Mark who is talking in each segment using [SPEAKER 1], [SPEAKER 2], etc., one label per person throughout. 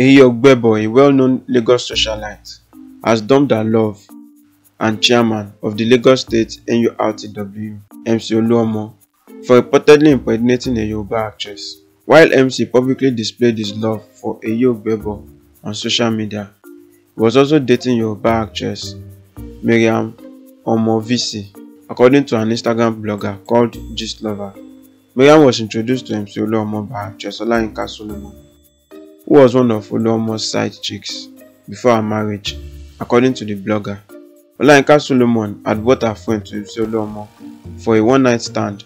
[SPEAKER 1] Eyi Ogbebo, a well-known Lagos socialite, has dumped her love and chairman of the Lagos State NURTW, MC Oluomo, for reportedly impregnating a Yoruba actress. While MC publicly displayed his love for Eyi Ogbebo on social media, he was also dating Yoruba actress Miriam Omovisi, according to an Instagram blogger called Lover. Miriam was introduced to MC Oluomo by actress Olayinka Solomon who was one of Oluomo's side chicks before her marriage, according to the blogger. Olayinka Solomon had brought her friend to Yusuf Oluomo for a one-night stand,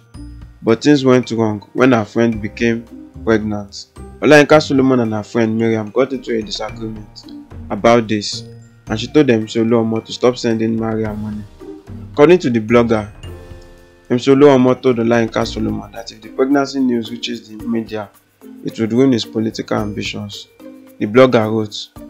[SPEAKER 1] but things went wrong when her friend became pregnant. Olayinka Solomon and her friend Miriam got into a disagreement about this, and she told Yusuf Oluomo to stop sending Mariam money. According to the blogger, Yusuf Oluomo told Olayinka Solomon that if the pregnancy news reaches the media, it would ruin his political ambitions, the blogger wrote.